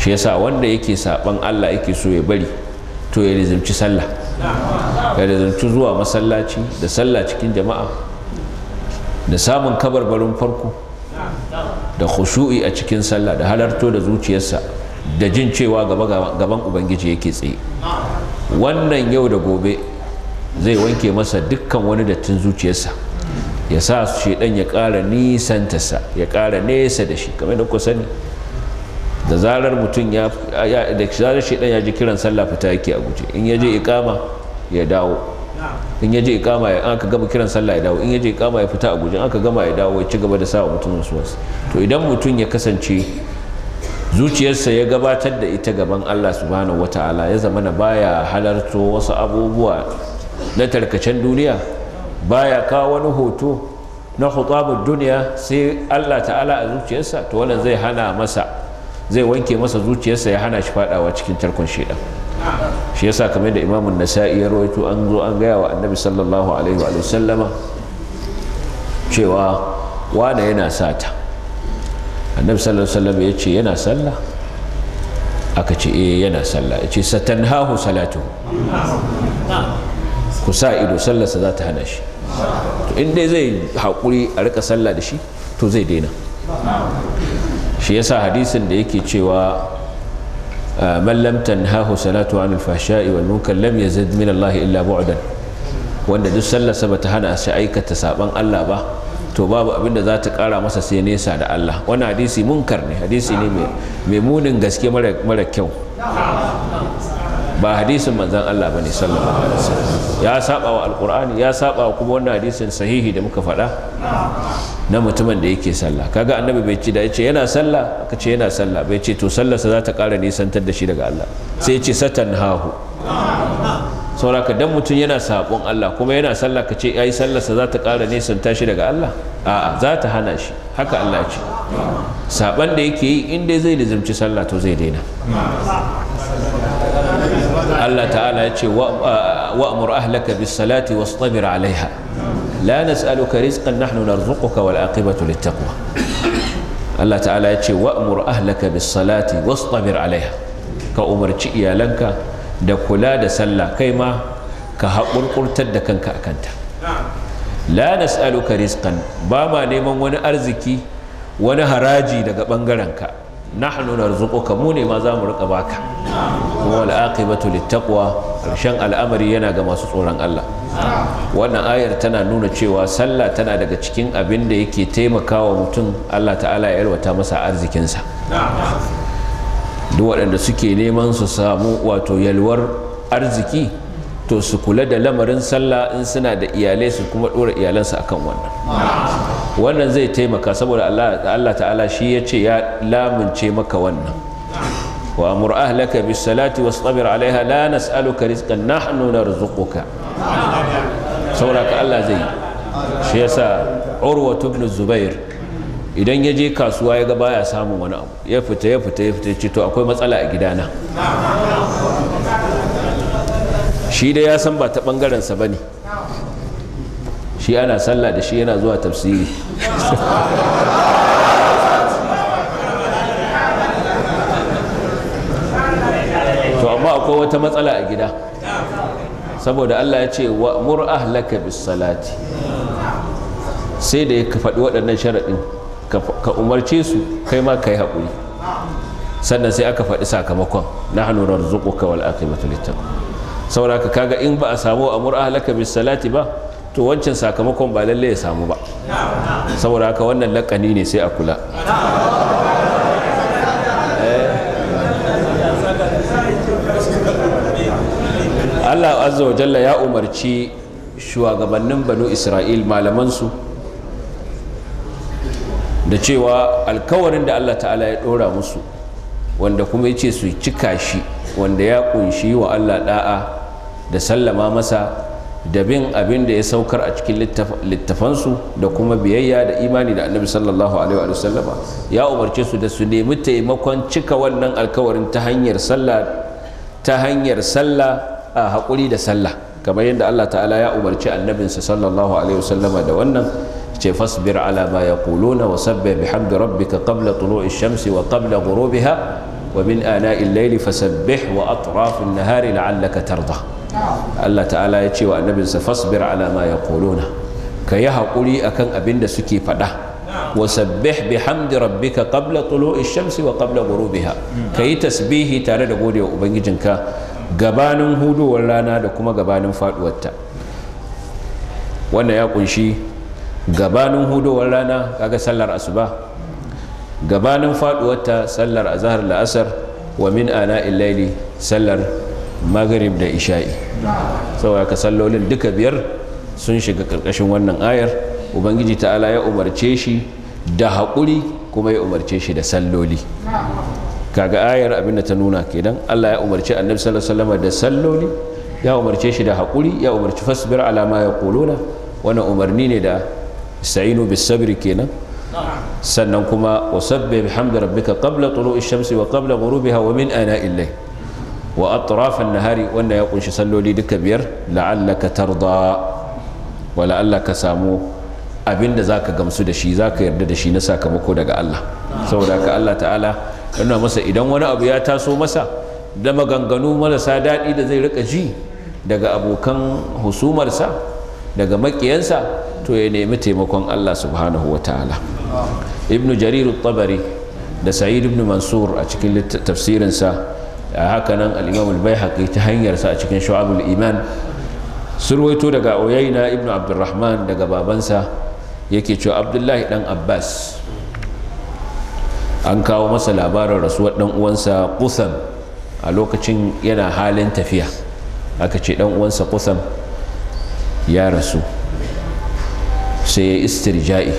shi yasa wanda yake saban Allah yake so ya bari to ya rizumci sallah ya rizumci zuwa masallaci da sallah cikin jama'a da samun kabarbarin farko da khushu'i a cikin sallah da halarto da zuciyarsa da jin cewa gaban ubangiji yake tsaye wannan yau da gobe zai wanke masa dukkan wani dattin zuciyarsa ya sa shaidan ya ƙara sa ya ƙara nesa da shi kamar da ku sani da zarar mutum ya da zarar shaidan ya ji kiran sallah fita yake a guje in ya je iqama ya dawo in ya je iqama ya aka gama kiran sallah ya dawo in ya je iqama ya fita a guje aka gama ya dawo ya ci gaba da sawa mutum wasu to idan mutum ya kasance zuciyarsa ya gabatar da ita gaban Allah subhanahu wataala ya zama na baya halarto wasu abubuwa na tarkacen duniya baya kawo wani hoto na hutabun duniya sai allah ta'ala a zuciyarsa to wannan zai hana masa zai wanke masa zuciyarsa ya hana shi fadawa cikin tarkon shaidan shi yasa kamar da imamun nasa'i ya rawaito an zo an gaya wa annabi sallallahu alaihi wa sallama cewa wane yana sata annabi sallallahu alaihi wa sallam ya ce yana sallah aka ce eh yana sallah ya ce hahu salatu ku sa ido sallarsa za ta hana shi to in dai zai haƙuri a rika sallah da shi to zai daina shi yasa hadisin da yake cewa ah, man lam tanhahu salatu anil fahsha'i wal munkar lam yazid min Allah illa bu'dan wanda duk sallarsa ta hana shi aikata saban Allah ba to babu abin da za ta kara masa sai nesa da Allah wani hadisi munkar ne hadisi ne mai munin gaske mara kyau ba hadisin manzan Allah bane sallallahu alaihi wasallam ya saba wa alqur'ani ya saba kuma wannan hadisin sahihi da muka faɗa na mutumin da yake sallah kaga annabi bai ce da yace yana sallah aka ce yana sallah bai ce to sallarsa za ta ƙara nisantar da shi daga Allah sai ya ce hahu sauraka dan mutum yana sabon Allah kuma yana sallah ka ce yayi sallarsa za ta ƙara nisanta shi daga Allah a'a za ta hana shi haka Allah ce saban da yake yi in dai zai lizimci sallah to zai daina Allah ta'ala ya ce wa'mur ahlaka bis salati wastabir alaiha la nas'aluka rizqan nahnu narzuquka wal aqibatu littaqwa Allah ta'ala ya ce wa'mur ahlaka bis salati wastabir alaiha ka umarci iyalanka da kula da sallah kai ma ka haƙurƙurtar da kanka a kanta la nas'aluka rizqan ba ma neman wani arziki wani haraji daga ɓangarenka nahnu narzuquka mu ne ma za mu rika baka kuma wal aqibatu littaqwa karshen al'amari yana ga masu tsoron Allah wannan ayar tana nuna cewa sallah tana daga cikin abin da yake taimakawa mutum Allah ta'ala ya yarwata masa arzikinsa duk waɗanda suke neman su samu wato yalwar arziki to su kula da lamarin sallah in suna da iyalai su kuma ɗora iyalansu akan wannan wannan zai taimaka saboda Allah ta'ala shi ya ce ya lamunce maka wannan wa amur ahlaka bis salati wastabir alaiha la nas'aluka rizqan nahnu narzuquka saboda ka Allah zai shi yasa Urwatu ibn Zubair idan ya je kasuwa ya ga baya samun wani abu ya fita ya fita ya fita ce to akwai matsala a gidana shi dai ya san ba ta sa ba ne shi ana sallah da shi yana zuwa tafsiri to amma akwai wata matsala a gida saboda allah ya ce wa mur'ah laka salati sai da ya faɗi waɗannan sharaɗin ka umarce su kai ma ka yi haƙuri sannan sai aka faɗi sakamakon na hannurar zuƙuka wal aka yi saboda kaga in ba a samu amur ahlaka bis salati ba to wancan sakamakon ba lalle ya samu ba saboda wannan lakani ne sai a kula eh. Allah azza wa jalla ya umarci shugabannin banu Isra'il malamansu da cewa alkawarin da Allah ta'ala ya dora musu wanda kuma ya ce su cika shi wanda ya kunshi wa Allah da'a da sallama masa da bin abin da ya saukar a cikin littafansu da kuma biyayya da imani da annabi sallallahu alaihi wa sallama ya umarce su da su nemi taimakon cika wannan alkawarin ta hanyar sallah ta hanyar sallah a haƙuri da sallah kamar yadda Allah ta'ala ya umarci annabinsa sallallahu alaihi sallama da wannan ce fasbir ala ma yaquluna wa sabbih bihamdi rabbika qabla tulu'i shamsi wa qabla ghurubiha ومن آناء الليل فسبح وأطراف النهار لعلك ترضى الله تعالى يتشي والنبي فاصبر على ما يقولون كي قولي أكن أبند سكي فده وسبح بحمد ربك قبل طلوع الشمس وقبل غروبها كي تسبيه تارد قولي وبنجنك gabanin hudu rana da kuma gabanin faduwarta wannan ya kunshi gabanin hudowar rana kaga sallar asuba gabanin faduwarta sallar azahar la'asar wa min ana illaili sallar magharib da isha'i saboda ka sallolin duka biyar sun shiga karkashin wannan ayar ubangiji ta'ala ya umarce shi da haƙuri kuma ya umarce shi da salloli kaga ayar abinda ta nuna kenan Allah ya umarci annabi sallallahu da salloli ya umarce shi da haƙuri ya umarci fasbir alama ya kuluna wannan umarni ne da sa'inu bis sabri kenan sannan kuma wasabbih bihamdi rabbika qabla tulu'i shamsi wa qabla ghurubiha wa min ana illai wa atraf an-nahari wanda ya kunshi salloli duka biyar la'allaka tarda wa la'allaka samu abinda zaka gamsu da shi zaka yarda da shi na sakamako daga Allah saboda ka Allah ta'ala yana masa idan wani abu ya taso masa da maganganu marasa daɗi da zai rika ji daga abokan husumarsa daga makiyansa to ya nemi taimakon Allah subhanahu wa ta'ala ibnu jarir tabari da sa'id ibn mansur a cikin tafsirinsa a hakanan al-imam al-baihaqi ta hanyarsa a cikin shu'abul iman surwaito daga oyaina ibnu abdurrahman daga babansa yake cewa abdullahi dan abbas an kawo masa labarin rasuwar dan uwansa kusan a lokacin yana halin tafiya aka ce dan uwansa kusan. ya rasu sai ya istirja'i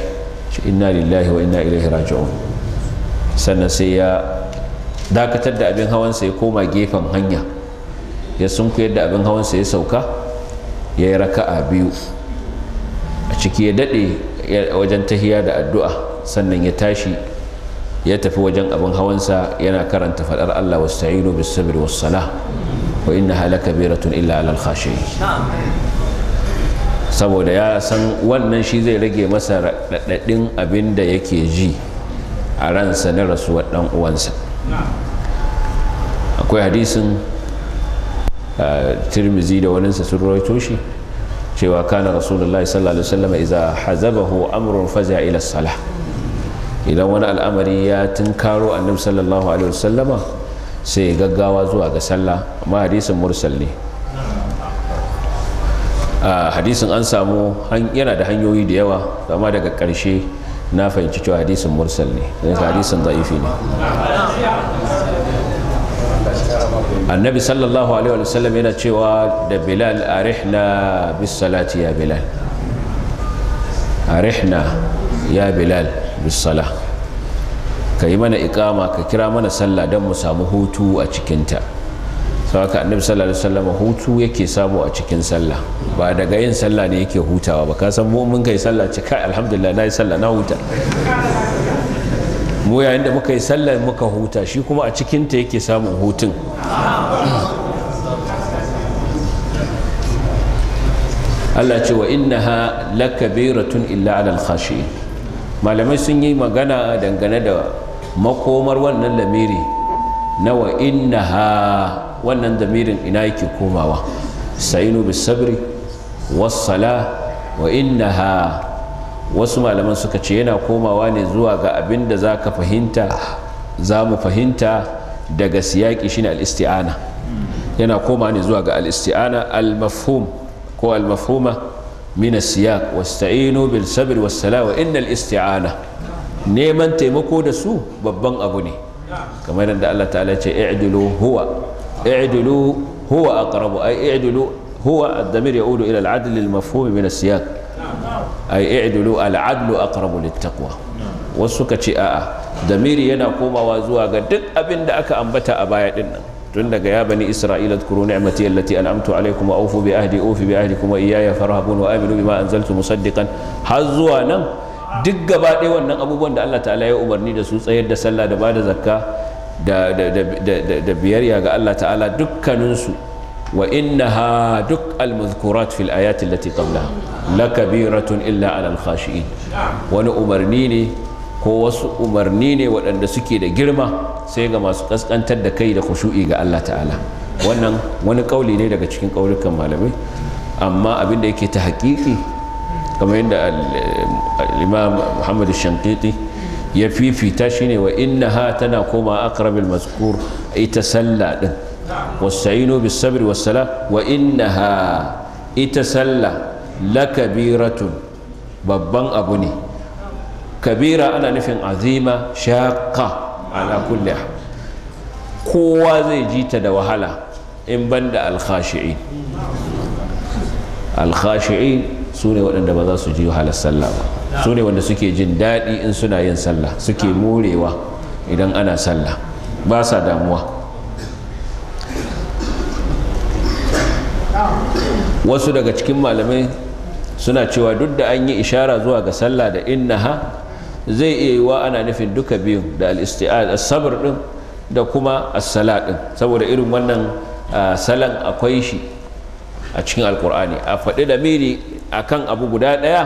inna lillahi wa inna ilaihi raji'un sannan sai ya dakatar da abin hawansa ya koma gefen hanya ya sunkuyar da abin hawansa ya sauka ya yi raka'a biyu a ciki ya daɗe wajen tahiya da addu'a sannan ya tashi ya tafi wajen abin hawansa yana karanta faɗar Allah wasta'inu bis sabr was sala wa innaha lakabiratun illa alal khashiyin saboda ya san wannan shi zai rage masa raɗaɗin abin da yake ji a ransa na rasuwar ɗan uwansa akwai hadisin tirmizi da waninsa sun rawaito shi cewa kana rasulullahi sallallahu alaihi wasallam idza hazabahu amrun faza ila salah idan wani al'amari ya tunkaro annabi sallallahu alaihi wasallama sai gaggawa zuwa ga sallah amma hadisin mursal ne hadisin an samu yana da hanyoyi da yawa amma daga ƙarshe na fahimci cewa hadisin mursal ne don hadisin za'ifi ne annabi sallallahu alaihi wasallam yana cewa da bilal arihna bis salati ya bilal rihna ya bilal bis ka yi mana ikama ka kira mana sallah don mu samu hutu a cikinta sau haka annabi sallallahu alaihi wasallam hutu yake samu a cikin sallah ba daga yin sallah ne yake hutawa ba ka san mun kai sallah ce kai alhamdulillah na yi sallah na huta mu yayin da muka yi sallah muka huta shi kuma a cikin ta yake samun hutun Allah ce wa innaha lakabiratun illa alal khashiyin malamai sun yi magana dangane da makomar wannan lamiri na wa nawa innaha wannan damirin ina yake komawa sa'inu bis sabri wassala wa innaha wasu malaman suka ce yana komawa ne zuwa ga abin da za ka fahimta za mu fahimta daga siyaƙi shine al-isti'ana yana komawa ne zuwa ga al-isti'ana al-mafhum ko al-mafhuma min as-siyaq wasta'inu bil sabri was-sala wa innal isti'ana neman taimako da su babban abu ne kamar yadda Allah ta'ala ce i'dilu huwa i'dilu huwa aqrabu ay i'dilu huwa ad-damir ya'udu ila al-'adl al-mafhum min as-siyaq ay i'dilu al-'adlu aqrabu lit-taqwa wasu suka ce a'a damiri yana komawa zuwa ga duk abin da aka ambata a baya din nan tun daga ya bani isra'ila zkuru ni'mati allati an'amtu alaykum wa awfu bi ahdi ufi bi ahdikum wa iyaya farhabun wa aminu bima anzaltu musaddiqan har zuwa nan duk gaba ɗaya wannan abubuwan da Allah ta'ala ya umarni da su tsayar da sallah da ba da zakka da biyayya ga Allah ta'ala dukkaninsu wa ha duk almuzkurat fil ayati allati qablaha lakabiratun illa alal khashi'in wani umarni ne ko wasu umarni ne waɗanda suke da girma sai ga masu kaskantar da kai da kushu'i ga Allah ta'ala wannan wani ƙauli ne daga cikin ƙaurukan malamai amma abin da yake ta haƙiƙi kamar yadda al-imam muhammad shankiti ya fifita shi ne wa inna ha tana koma akrabil mazkur ita sallah din wasu bis sabri was wa inna ha ita sallah lakabiratun babban abu ne kabira ana nufin azima shaqqa ala kulli kowa zai ji ta da wahala in banda al-khashi'in su ne waɗanda ba za su ji wahalar sallah ba su ne wanda suke jin daɗi in suna yin sallah suke morewa idan ana sallah ba sa damuwa wasu daga cikin malamai suna cewa duk da an yi ishara zuwa ga sallah da innaha zai iya yiwa ana nufin duka biyu da al-isti'ad ɗin sabr da kuma as-sala saboda irin wannan ah, salan akwai shi a cikin alkur'ani a faɗi da miri akan abu guda ɗaya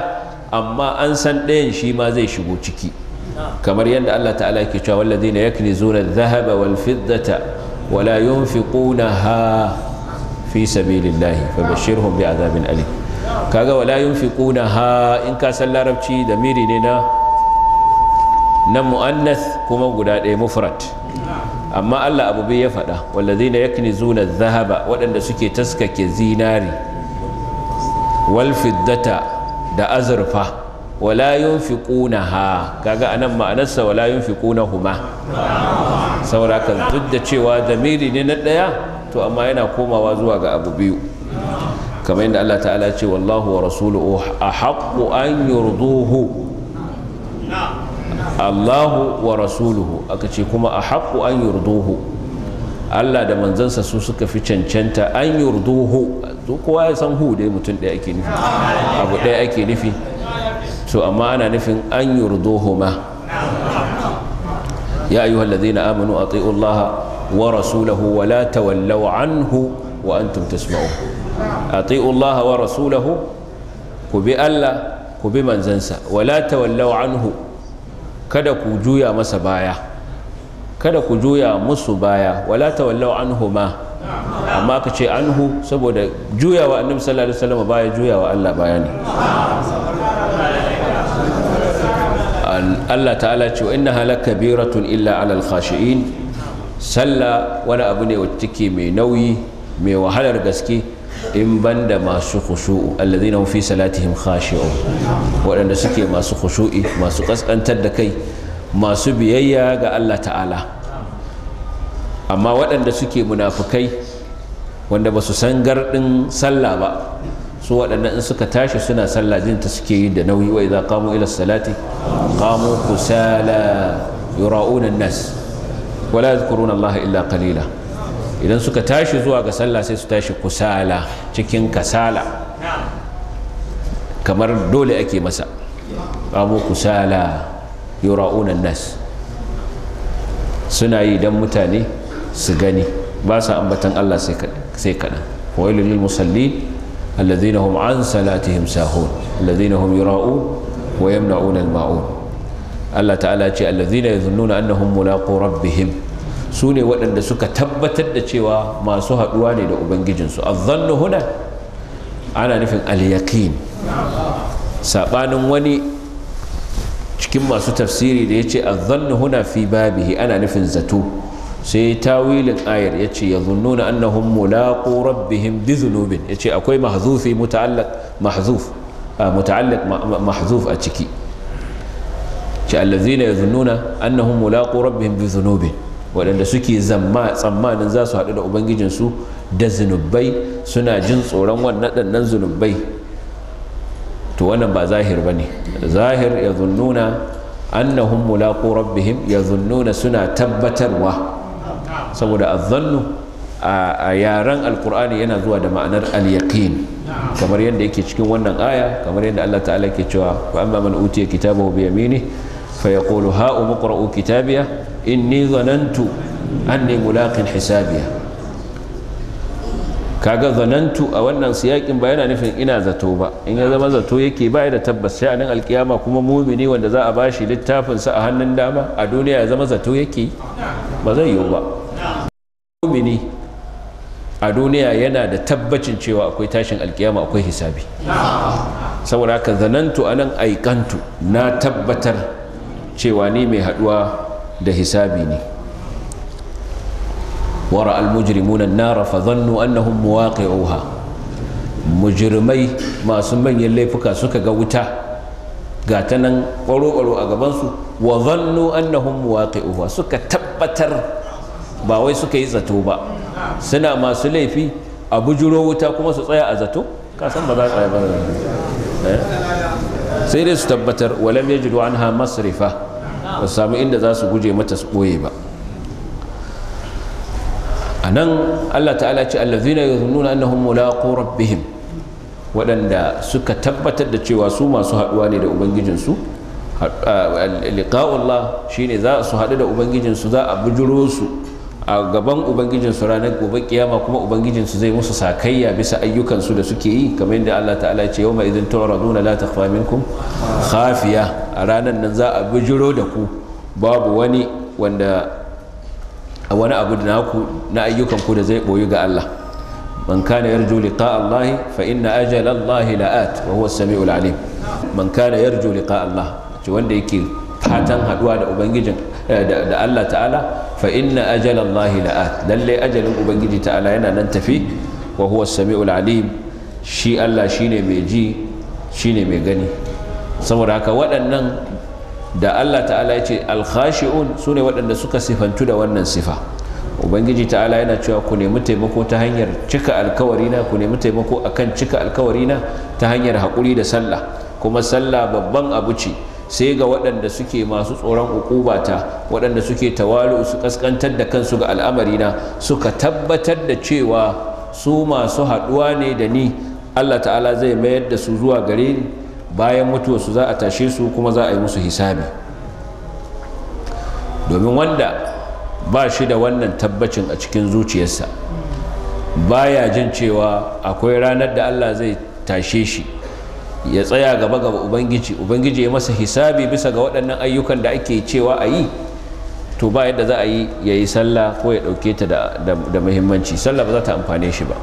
amma an san ɗayan shi ma zai shigo ciki kamar yadda Allah ta'ala yake cewa wallazina yaknizuna adh-dhahaba wal fiddata wala yunfiqunaha fi sabilillahi fabashshirhum bi'adhabin alim kaga wala in ka san larabci da miri ne na na muannath kuma guda ɗaya mufrad amma Allah abu bai ya faɗa na yaknizuna zuna zahaba. waɗanda suke taskake zinari wal da azurfa wala yunfiqunaha kaga anan ma'anarsa wala yunfiqunahuma saboda kan duk da cewa zamiri ne na ɗaya, to amma yana komawa zuwa ga abu biyu kamar yadda Allah ta'ala ce wallahu wa rasuluhu ahaqqu an yurduhu Allahu wa rasulu aka ce kuma ahaqqu an yurduhu Allah da manzansa su suka fi cancanta an yurduhu kowa ya san hu dai mutum ɗaya ake nufi abu ɗaya ake nufi to amma ana nufin an yurduhu ma ya ayyuhal ladzina amanu ati'u Allah wa rasulahu wa la tawallaw anhu wa antum tasma'un ati'u Allah wa rasulahu ku bi Allah ku bi manzansa wa la tawallaw anhu kada ku juya masa baya kada ku juya musu baya wala anhu anhuma amma ka ce anhu saboda juyawa annabi sallallahu alaihi wasallam baya juyawa Allah baya ne Allah ta'ala ce inna halaka kabiratun illa alal khashi'in sallah wani abu ne wacce take mai nauyi mai wahalar gaske in banda masu khushu'u alladhina hum fi salatihim khashi'un waɗanda suke masu khushu'i masu kaskantar da kai masu biyayya ga Allah ta'ala amma waɗanda suke munafukai wanda ba su san garɗin sallah ba su waɗannan in suka tashi suna sallah jin ta suke yi da nauyi wa idza qamu ila salati qamu kusala yura'una nas wa yadhkuruna Allah illa qalila idan suka tashi zuwa ga sallah sai su tashi kusala cikin kasala kamar dole ake masa qamu kusala yura'unan nas suna yi don mutane su gani ba sa ambatan Allah sai kaɗan wailul lil musallin alladhina hum an salatihim sahun alladhina hum yura'un wa yamna'un al Allah ta'ala ce alladhina yadhunnuna annahum mulaqu rabbihim su ne waɗanda suka tabbatar da cewa masu haɗuwa ne da ubangijinsu azzannu huna ana nufin al'yakin saɓanin wani cikin masu tafsiri da ya ce azzannu huna fi babihi ana nufin zato sai tawilin ayar ya ce ya zunnuna annahum mulaqu rabbihim bi zunubin ya ce akwai mahzufi muta'allaq mahzuf muta'allaq mahzuf a ciki ce allazina yazunnuna annahum mulaqu rabbihim bi zunubin waɗanda suke zamma tsammanin za su haɗu da ubangijinsu da zunubai suna jin tsoron waɗannan zunubai to wannan ba zahir bane zahir yadhunnuna annahum mulaqu rabbihim yadhunnuna suna tabbatarwa saboda azzannu a yaren alkur'ani yana zuwa da ma'anar al-yaqin kamar yadda yake cikin wannan aya kamar yadda Allah ta'ala ke cewa fa amma man utiya kitabahu bi yamini fa yaqulu ha umqra'u kitabiya inni zanantu anni mulaqin hisabiya kaga zanantu a wannan siyakin ba yana nufin ina zato ba in ya zama zato yake ba da tabbas sai anan alkiyama kuma mumini wanda za a bashi littafin sa a hannun dama a duniya ya zama zato yake ba zai yiwu ba mumini a duniya yana da tabbacin cewa akwai tashin alkiyama akwai hisabi saboda haka zanantu anan aikantu na tabbatar cewa ni mai haduwa da hisabi ne wara almujrimuna nara fa zannu annahum muwaqi'uha mujrimai masu manyan laifuka suka ga wuta ga ta nan ƙwaro a gabansu wa zannu annahum muwaqi'uha suka tabbatar ba wai suka yi zato ba na masu laifi a bujuro wuta kuma su tsaya a zato eh? sai dai su tabbatar walam yajidu anha masrifa ba su samu inda za su guje mata su ɓoye ba nan Allah ta'ala ce allazina yazunnuna annahum mulaqu rabbihim waɗanda suka tabbatar da cewa su masu haɗuwa ne da ubangijinsu liqa'ullah shine za su haɗu da ubangijinsu za a bujuro su a gaban ubangijinsu ranar gobe kiyama kuma ubangijinsu zai musu sakayya bisa ayyukansu da suke yi kamar yadda Allah ta'ala ce yawma idin tu'raduna la takhfa minkum khafiya a ranar nan za a bujuro da ku babu wani wanda wani abu da naku na ayyukan ku da zai boyi ga Allah man kana yarju liqa Allah fa inna ajal Allah la'at wa huwa as-sami'ul alim man kana yarju liqa Allah ce wanda yake fatan haduwa da ubangijin eh, da Allah ta'ala fa inna ajal Allah la'at lalle ajalin ubangiji ta'ala yana nan tafi wa huwa as-sami'ul alim shi Allah shine mai ji shine mai gani saboda haka waɗannan da Allah ta'ala ya ce alkhashi'un su ne waɗanda suka sifantu da wannan sifa ubangiji ta'ala yana cewa ku nemi taimako ta hanyar cika alkawarina ku nemi taimako akan cika alkawarina ta hanyar haƙuri da sallah kuma sallah babban abu ce sai ga waɗanda suke masu tsoron ukubata waɗanda suke tawalu su kaskantar da kansu ga al'amarina suka tabbatar da cewa su masu haɗuwa ne da ni Allah ta'ala zai mayar da su zuwa gare ni bayan mutuwarsu za a tashe su kuma za a yi musu hisabi domin wanda ba shi da wannan tabbacin a cikin zuciyarsa baya jin cewa akwai ranar da Allah zai tashe shi ya tsaya gaba gaba ubangiji ubangiji ya masa hisabi bisa ga waɗannan ayyukan da ake cewa a yi to ba yadda za a yi ya yi sallah ko ya ɗauke ta da muhimmanci sallah ba za ta amfane shi ba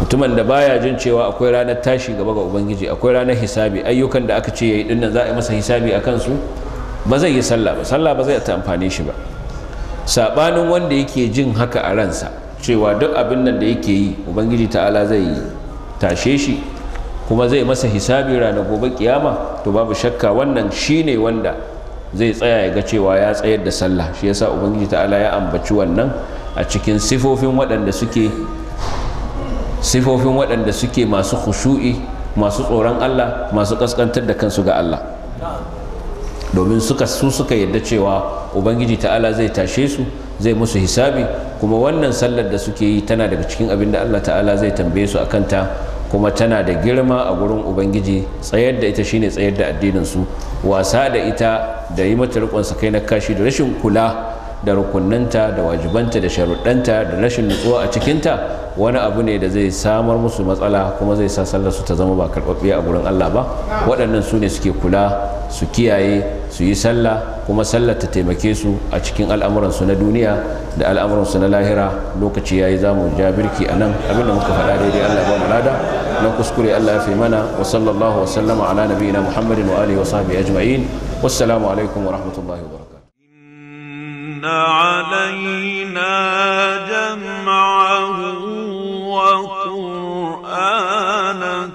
mutumin da baya jin cewa akwai ranar tashi gaba ga ubangiji akwai ranar hisabi ayyukan da aka ce yayi din nan za a yi masa hisabi akan su ba zai yi sallah ba sallah ba zai ta amfane shi ba saɓanin wanda yake jin haka a ransa cewa duk abin nan da yake yi ubangiji ta'ala zai yi tashe shi kuma zai masa hisabi ranar gobe kiyama to babu shakka wannan shine wanda zai tsaya ya ga cewa ya tsayar da sallah shi yasa ubangiji ta'ala ya ambaci wannan a cikin sifofin waɗanda suke sifofin waɗanda suke masu khushu'i masu tsoron Allah masu kaskantar da kansu ga Allah domin suka su suka yadda cewa ubangiji ta'ala zai tashe su zai musu hisabi kuma wannan sallar da suke yi tana daga cikin abin da Allah ta'ala zai tambaye su akan ta kuma tana da girma a gurin ubangiji tsayar da ita shine tsayar da addinin su wasa da ita da yi mata rikon sakai na kashi da rashin kula da rukunnanta da wajibanta da sharuɗanta da rashin nutsuwa a cikinta wani abu ne da zai samar musu matsala kuma zai sa sallar su ta zama ba karɓaɓɓiya a gurin Allah ba waɗannan su ne suke kula su kiyaye su yi sallah kuma sallar ta taimake su a cikin al'amuransu na duniya da al'amuransu na lahira lokaci yayi za mu ja birki a nan abin da muka faɗa daidai Allah ba mu lada na kuskure Allah ya fi mana wa sallallahu wa sallama ala nabiyina Muhammadin wa alihi wa sahbihi ajma'in wassalamu alaikum wa rahmatullahi wa barakatuh إن علينا جمعه وقرآنه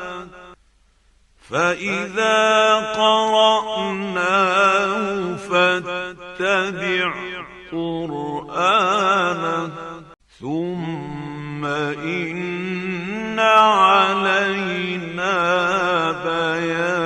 فإذا قرأناه فاتبع قرآنه ثم إن علينا بيانه